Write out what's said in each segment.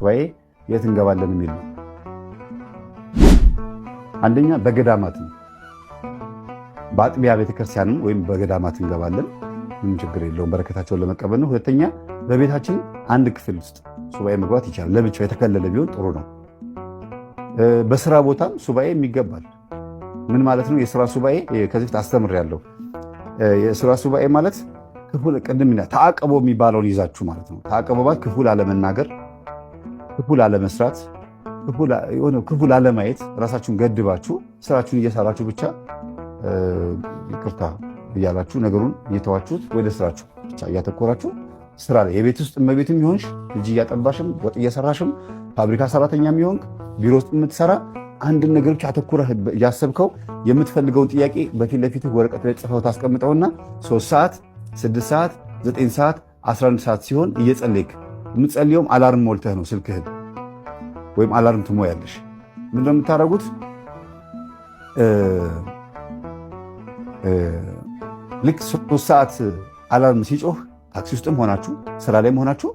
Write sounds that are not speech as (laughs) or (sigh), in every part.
ሱባኤ የት እንገባለን የሚል ነው። አንደኛ በገዳማት ነው። በአጥቢያ ቤተክርስቲያንም ወይም በገዳማት እንገባለን። ምንም ችግር የለውም። በረከታቸውን ለመቀበል ነው። ሁለተኛ በቤታችን አንድ ክፍል ውስጥ ሱባኤ መግባት ይቻላል። ለብቻው የተከለለ ቢሆን ጥሩ ነው። በስራ ቦታም ሱባኤ የሚገባል። ምን ማለት ነው? የስራ ሱባኤ ከዚህ በፊት አስተምሬያለሁ። የስራ ሱባኤ ማለት ቅድም ተአቅቦ የሚባለውን ይዛችሁ ማለት ነው። ተአቅቦ ማለት ክፉ ክፉ ላለመስራት ክፉ ላለማየት ራሳችሁን ገድባችሁ ስራችሁን እየሰራችሁ ብቻ ይቅርታ እያላችሁ ነገሩን እየተዋችሁት ወደ ስራችሁ ብቻ እያተኮራችሁ ስራ ላይ የቤት ውስጥ እመቤትም ይሆንሽ ልጅ እያጠባሽም ወጥ እየሰራሽም ፋብሪካ ሰራተኛ የሚሆን ቢሮ ውስጥ የምትሰራ አንድን ነገር ብቻ አተኩረህ እያሰብከው የምትፈልገውን ጥያቄ በፊት ለፊትህ ወረቀት ላይ ጽፈው ታስቀምጠውና ሶስት ሰዓት ስድስት ሰዓት ዘጠኝ ሰዓት 11 ሰዓት ሲሆን እየጸለይክ የምትጸልየውም አላርም ሞልተህ ነው ስልክህን ወይም አላርም ትሞያለሽ። ምን እንደምታደርጉት ልክ ሶስት ሰዓት አላርም ሲጮህ ታክሲ ውስጥም ሆናችሁ ስራ ላይም ሆናችሁ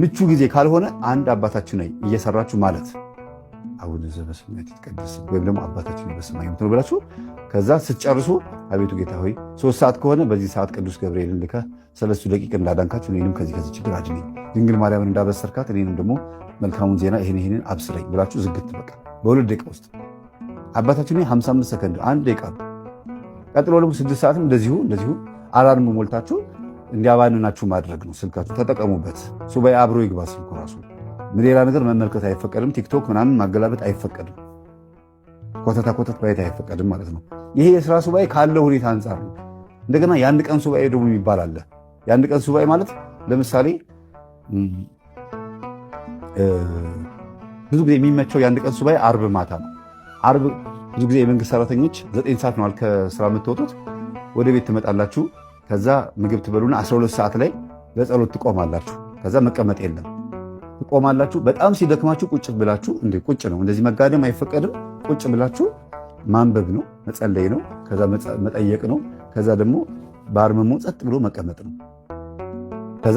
ምቹ ጊዜ ካልሆነ አንድ አባታችን ነኝ እየሰራችሁ ማለት አቡነ ዘበሰማያት ይትቀደስ ወይም ደግሞ አባታችን በሰማይ የምትለው ብላችሁ ከዛ ስትጨርሱ አቤቱ ጌታ ሆይ ሶስት ሰዓት ከሆነ በዚህ ሰዓት ቅዱስ ገብርኤልን ልከህ ሰለስቱ ደቂቅ እንዳዳንካት እኔንም ከዚህ ከዚህ ችግር አድነኝ፣ ድንግል ማርያምን እንዳበሰርካት እኔንም ደግሞ መልካሙን ዜና ይህን ይህንን አብስረኝ ብላችሁ ዝግት በቃ በሁለት ደቂቃ ውስጥ አባታችን 55 ሰከንድ አንድ ደቂቃ ቀጥሎ ደግሞ ስድስት ሰዓትም እንደዚሁ እንደዚሁ አላርም ሞልታችሁ እንዲያባንናችሁ ማድረግ ነው። ስልካችሁ ተጠቀሙበት። ሱባኤ አብሮ ይግባ ስልኩ ራሱ ሌላ ነገር መመልከት አይፈቀድም። ቲክቶክ ምናምን ማገላበጥ አይፈቀድም። ኮተታ ኮተት ማየት አይፈቀድም ማለት ነው። ይሄ የስራ ሱባኤ ካለ ሁኔታ አንጻር ነው። እንደገና የአንድ ቀን ሱባኤ ደግሞ የሚባል አለ። የአንድ ቀን ሱባኤ ማለት ለምሳሌ ብዙ ጊዜ የሚመቸው የአንድ ቀን ሱባኤ አርብ ማታ ነው። አርብ ብዙ ጊዜ የመንግስት ሰራተኞች ዘጠኝ ሰዓት ነዋል ከስራ የምትወጡት ወደ ቤት ትመጣላችሁ። ከዛ ምግብ ትበሉና 12 ሰዓት ላይ ለጸሎት ትቆማላችሁ። ከዛ መቀመጥ የለም ትቆማላችሁ። በጣም ሲደክማችሁ ቁጭ ብላችሁ እንደ ቁጭ ነው፣ እንደዚህ መጋደም አይፈቀድም። ቁጭ ብላችሁ ማንበብ ነው፣ መጸለይ ነው፣ ከዛ መጠየቅ ነው፣ ከዛ ደግሞ በአርምሞ ጸጥ ብሎ መቀመጥ ነው። ከዛ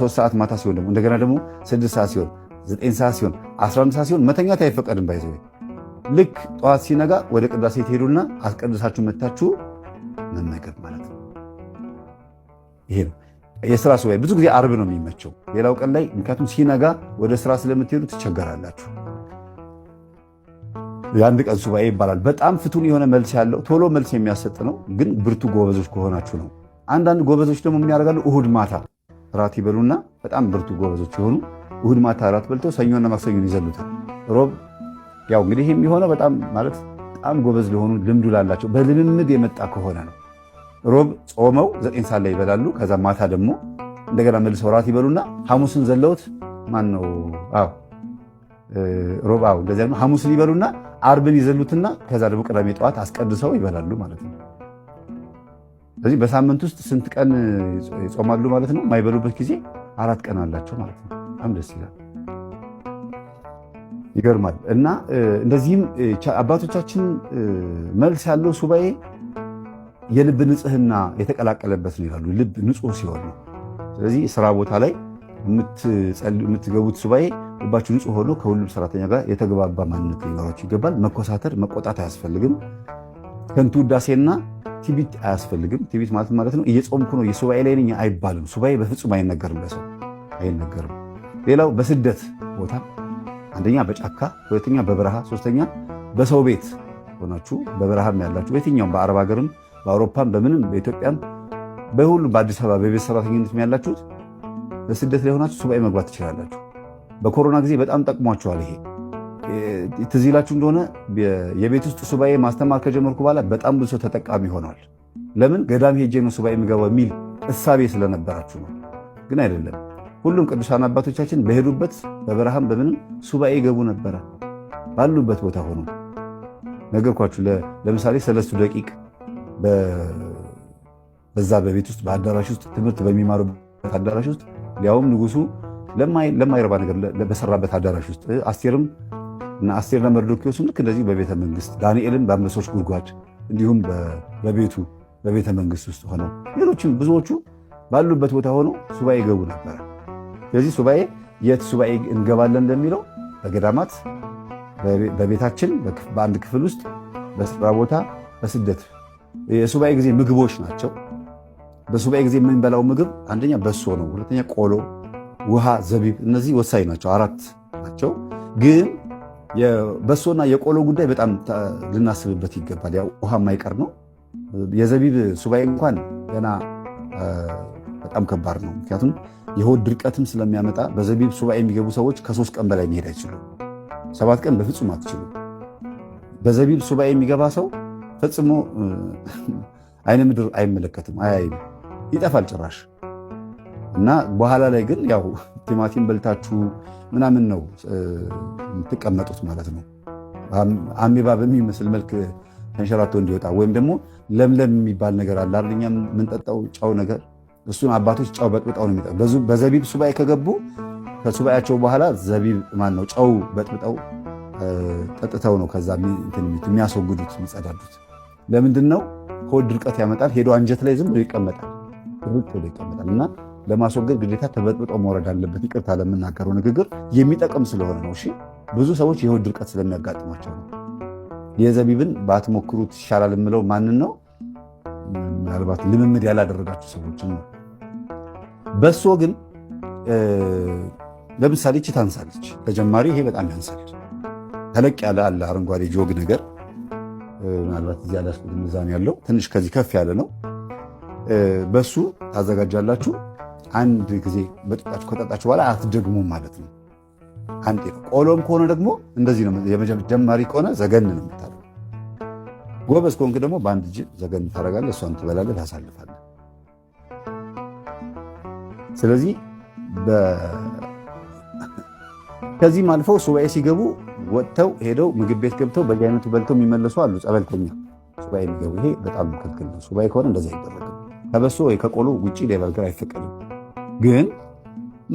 ሶስት ሰዓት ማታ ሲሆን ደግሞ እንደገና ደግሞ ስድስት ሰዓት ሲሆን ዘጠኝ ሰዓት ሲሆን አስራ አንድ ሰዓት ሲሆን መተኛት አይፈቀድም። ባይዘ ልክ ጠዋት ሲነጋ ወደ ቅዳሴ ትሄዱና አስቀድሳችሁ መታችሁ መመገብ ማለት ነው። ይሄ ነው። የስራ ሱባኤ ብዙ ጊዜ አርብ ነው የሚመቸው። ሌላው ቀን ላይ ምክንያቱም ሲነጋ ወደ ስራ ስለምትሄዱ ትቸገራላችሁ። የአንድ ቀን ሱባኤ ይባላል። በጣም ፍቱን የሆነ መልስ ያለው ቶሎ መልስ የሚያሰጥ ነው። ግን ብርቱ ጎበዞች ከሆናችሁ ነው። አንዳንድ ጎበዞች ደግሞ የሚያደርጋሉ እሁድ ማታ ራት ይበሉና በጣም ብርቱ ጎበዞች የሆኑ እሁድ ማታ ራት በልተው ሰኞና ማክሰኞን ይዘሉታል። ሮብ ያው እንግዲህ የሚሆነው በጣም ማለት በጣም ጎበዝ ለሆኑ ልምዱ ላላቸው በልምምድ የመጣ ከሆነ ነው። ሮብ ጾመው ዘጠኝ ሰዓት ላይ ይበላሉ። ከዛ ማታ ደግሞ እንደገና መልሰው እራት ይበሉና ሐሙስን ዘለውት ማን ነው? አዎ ሮብ አዎ፣ እንደዚያ ሐሙስን ይበሉና አርብን ይዘሉትና ከዛ ደግሞ ቅዳሜ ጠዋት አስቀድሰው ይበላሉ ማለት ነው። ስለዚህ በሳምንት ውስጥ ስንት ቀን ይጾማሉ ማለት ነው? የማይበሉበት ጊዜ አራት ቀን አላቸው ማለት ነው። በጣም ደስ ይላል፣ ይገርማል። እና እንደዚህም አባቶቻችን መልስ ያለው ሱባኤ የልብ ንጽህና የተቀላቀለበት ነው ይላሉ። ልብ ንጹህ ሲሆን ነው። ስለዚህ ስራ ቦታ ላይ የምትገቡት ሱባኤ ልባችሁ ንጹህ ሆኖ ከሁሉም ሰራተኛ ጋር የተግባባ ማንነት ሊኖራችሁ ይገባል። መኮሳተር፣ መቆጣት አያስፈልግም። ከንቱ ውዳሴና ቲቢት አያስፈልግም። ቲቢት ማለት ማለት ነው እየጾምኩ ነው የሱባኤ ላይ ነኝ አይባልም። ሱባኤ በፍጹም አይነገርም፣ ለሰው አይነገርም። ሌላው በስደት ቦታ አንደኛ በጫካ ሁለተኛ በበረሃ ሶስተኛ በሰው ቤት ሆናችሁ በበረሃም ያላችሁ በየትኛውም በአረብ ሀገርም በአውሮፓም በምንም በኢትዮጵያም በሁሉም በአዲስ አበባ በቤት ሰራተኝነት ያላችሁት በስደት ላይ ሆናችሁ ሱባኤ መግባት ትችላላችሁ። በኮሮና ጊዜ በጣም ጠቅሟቸዋል። ይሄ ትዝ ይላችሁ እንደሆነ የቤት ውስጥ ሱባኤ ማስተማር ከጀመርኩ በኋላ በጣም ብዙ ሰው ተጠቃሚ ሆነዋል። ለምን ገዳም ሄጄ ነው ሱባኤ የሚገባ የሚል እሳቤ ስለነበራችሁ ነው። ግን አይደለም ሁሉም ቅዱሳን አባቶቻችን በሄዱበት በበረሃም በምንም ሱባኤ ይገቡ ነበረ ባሉበት ቦታ ሆኖ ነገርኳችሁ። ለምሳሌ ሰለስቱ ደቂቅ በዛ በቤት ውስጥ በአዳራሽ ውስጥ ትምህርት በሚማሩበት አዳራሽ ውስጥ ሊያውም ንጉሱ ለማይረባ ነገር በሰራበት አዳራሽ ውስጥ አስቴርም እና አስቴርና መርዶኪዎስም ልክ እንደዚህ በቤተ መንግስት ዳንኤልን በአንበሶች ጉድጓድ እንዲሁም በቤቱ በቤተ መንግስት ውስጥ ሆነው ሌሎችም ብዙዎቹ ባሉበት ቦታ ሆኖ ሱባኤ ይገቡ ነበረ። ስለዚህ ሱባኤ የት ሱባኤ እንገባለን እንደሚለው በገዳማት፣ በቤታችን፣ በአንድ ክፍል ውስጥ፣ በስራ ቦታ፣ በስደት የሱባኤ ጊዜ ምግቦች ናቸው። በሱባኤ ጊዜ የምንበላው ምግብ አንደኛ በሶ ነው፣ ሁለተኛ ቆሎ፣ ውሃ፣ ዘቢብ እነዚህ ወሳኝ ናቸው። አራት ናቸው። ግን በሶና የቆሎ ጉዳይ በጣም ልናስብበት ይገባል። ያው ውሃ የማይቀር ነው። የዘቢብ ሱባኤ እንኳን ገና በጣም ከባድ ነው። ምክንያቱም የሆድ ድርቀትም ስለሚያመጣ በዘቢብ ሱባኤ የሚገቡ ሰዎች ከሶስት ቀን በላይ መሄድ አይችሉም። ሰባት ቀን በፍጹም አትችሉም። በዘቢብ ሱባኤ የሚገባ ሰው ፈጽሞ አይነ ምድር አይመለከትም፣ አያይም፣ ይጠፋል ጭራሽ። እና በኋላ ላይ ግን ያው ቲማቲም በልታችሁ ምናምን ነው የምትቀመጡት ማለት ነው። አሜባ በሚመስል መልክ ተንሸራቶ እንዲወጣ ወይም ደግሞ ለምለም የሚባል ነገር አለ አይደል? እኛ የምንጠጣው ጫው ነገር፣ እሱን አባቶች ጫው በጥብጣው ነው የሚጠጡ። በዘቢብ ሱባኤ ከገቡ ከሱባኤያቸው በኋላ ዘቢብ ማን ነው ጫው በጥብጠው ጠጥተው ነው ከዛ የሚያስወግዱት የሚጸዳዱት። ለምንድን ነው? ከወድ ድርቀት ያመጣል። ሄዶ አንጀት ላይ ዝም ብሎ ይቀመጣል፣ ርቅ ብሎ ይቀመጣል። እና ለማስወገድ ግዴታ ተበጥብጦ መውረድ አለበት። ይቅርታ ለምናገረው ንግግር የሚጠቅም ስለሆነ ነው። እሺ ብዙ ሰዎች የሆድ ድርቀት ስለሚያጋጥማቸው ነው። የዘቢብን ባትሞክሩት ይሻላል የምለው ማንን ነው? ምናልባት ልምምድ ያላደረጋቸው ሰዎችን ነው። በሶ ግን ለምሳሌ ይቺ ታንሳለች። ተጀማሪ ይሄ በጣም ያንሳል። ተለቅ ያለ አለ አረንጓዴ ጆግ ነገር ምናልባት እዚህ ያላስኩት ሚዛን ያለው ትንሽ ከዚህ ከፍ ያለ ነው። በሱ ታዘጋጃላችሁ። አንድ ጊዜ በጠጣችሁ ከጠጣችሁ በኋላ አትደግሙም ማለት ነው። አንዴ ቆሎም ከሆነ ደግሞ እንደዚህ ነው። የመጀመሪ ከሆነ ዘገን ነው የምታደርገው። ጎበዝ ከሆንክ ደግሞ በአንድ እጅ ዘገን ታደርጋለህ፣ እሷን ትበላለህ፣ ታሳልፋለህ። ስለዚህ ከዚህም አልፈው ሱባኤ ሲገቡ ወጥተው ሄደው ምግብ ቤት ገብተው በዚህ በልተው የሚመለሱ አሉ። ጸበልተኛ ሱባኤ የሚገቡ ይሄ በጣም ክልክል ነው። ሱባኤ ከሆነ እንደዚህ አይደረግም። ከበሶ ወይ ከቆሎ ውጭ ሌበርገር አይፈቀድም። ግን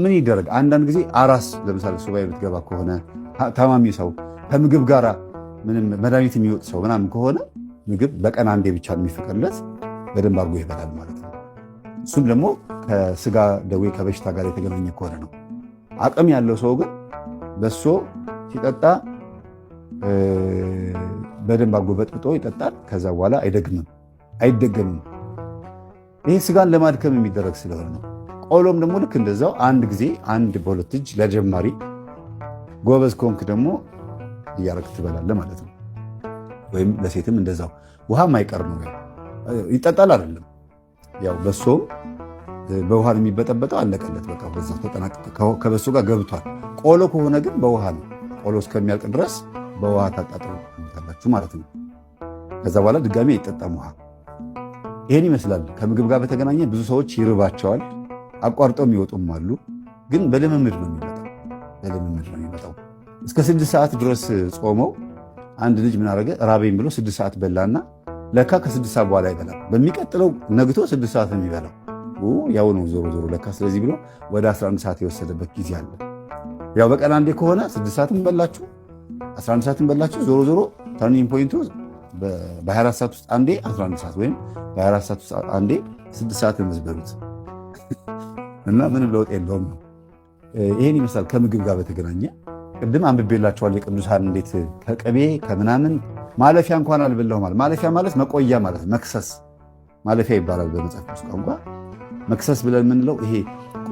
ምን ይደረግ፣ አንዳንድ ጊዜ አራስ ለምሳሌ ሱባኤ የምትገባ ከሆነ ታማሚ ሰው ከምግብ ጋር ምንም መድኃኒት የሚወጥ ሰው ምናምን ከሆነ ምግብ በቀን አንዴ ብቻ የሚፈቀድለት በደንብ አድርጎ ይበላል ማለት ነው። እሱም ደግሞ ከስጋ ደዌ ከበሽታ ጋር የተገናኘ ከሆነ ነው። አቅም ያለው ሰው ግን በሶ ሲጠጣ በደንብ አጎ ይጠጣል። ከዛ በኋላ አይደግምም አይደገምም። ይህ ስጋን ለማድከም የሚደረግ ስለሆነ ነው። ቆሎም ደግሞ ልክ እንደዛው አንድ ጊዜ አንድ በሁለት እጅ ለጀማሪ ጎበዝ ከሆንክ ደግሞ እያረግ ትበላለ ማለት ነው። ወይም ለሴትም እንደዛው ውሃ ማይቀር ነው ይጠጣል አይደለም ያው በሶም በውሃ ነው የሚበጠበጠው። አለቀለት በቃ በዛ ከበሶ ጋር ገብቷል። ቆሎ ከሆነ ግን በውሃ ነው። ቆሎ እስከሚያልቅ ድረስ በውሃ ታላችሁ ማለት ነው። ከዛ በኋላ ድጋሚ አይጠጣም ውሃ። ይህን ይመስላል። ከምግብ ጋር በተገናኘ ብዙ ሰዎች ይርባቸዋል፣ አቋርጠው የሚወጡም አሉ። ግን በልምምድ ነው የሚመጣው፣ በልምምድ ነው የሚመጣው። እስከ ስድስት ሰዓት ድረስ ጾመው አንድ ልጅ ምን አደረገ? ራበኝ ብሎ ስድስት ሰዓት በላና ለካ ከስድስት ሰዓት በኋላ ይበላል። በሚቀጥለው ነግቶ ስድስት ሰዓት ነው የሚበላው። ያው ነው ዞሮ ዞሮ ለካ ስለዚህ ብሎ ወደ 11 ሰዓት የወሰደበት ጊዜ አለ። ያው በቀን አንዴ ከሆነ 6 ሰዓትም በላችሁ 11 ሰዓትም በላችሁ ዞሮ ዞሮ ተርኒንግ ፖይንቱ በ24 ሰዓት ውስጥ አንዴ 11 ሰዓት ወይም በ24 ሰዓት ውስጥ አንዴ 6 ሰዓት የምትበሉት (laughs) እና ምንም ለውጥ የለውም ነው። ይህን ይመስላል። ከምግብ ጋር በተገናኘ ቅድም አንብቤላቸዋል። የቅዱሳን እንዴት ከቅቤ ከምናምን ማለፊያ እንኳን አልበላሁ ማለት ማለፊያ ማለት መቆያ ማለት መክሰስ ማለፊያ ይባላል በመጽሐፍ ቅዱስ ቋንቋ። መክሰስ ብለን የምንለው ይሄ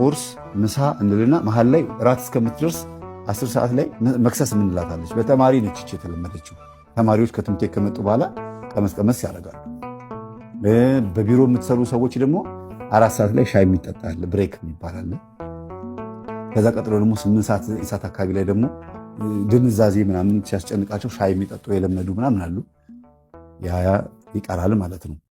ቁርስ፣ ምሳ እንልና መሀል ላይ ራት እስከምትደርስ አስር ሰዓት ላይ መክሰስ የምንላታለች። በተማሪ ነች ይህች የተለመደችው። ተማሪዎች ከትምህርት ቤት ከመጡ በኋላ ቀመስ ቀመስ ያደርጋሉ። በቢሮ የምትሰሩ ሰዎች ደግሞ አራት ሰዓት ላይ ሻይ የሚጠጣል ብሬክ የሚባል ከዛ ቀጥሎ ደግሞ ስምንት ሰዓት ዘጠኝ ሰዓት አካባቢ ላይ ደግሞ ድንዛዜ ምናምን ሲያስጨንቃቸው ሻይ የሚጠጡ የለመዱ ምናምን አሉ። ያ ይቀራል ማለት ነው።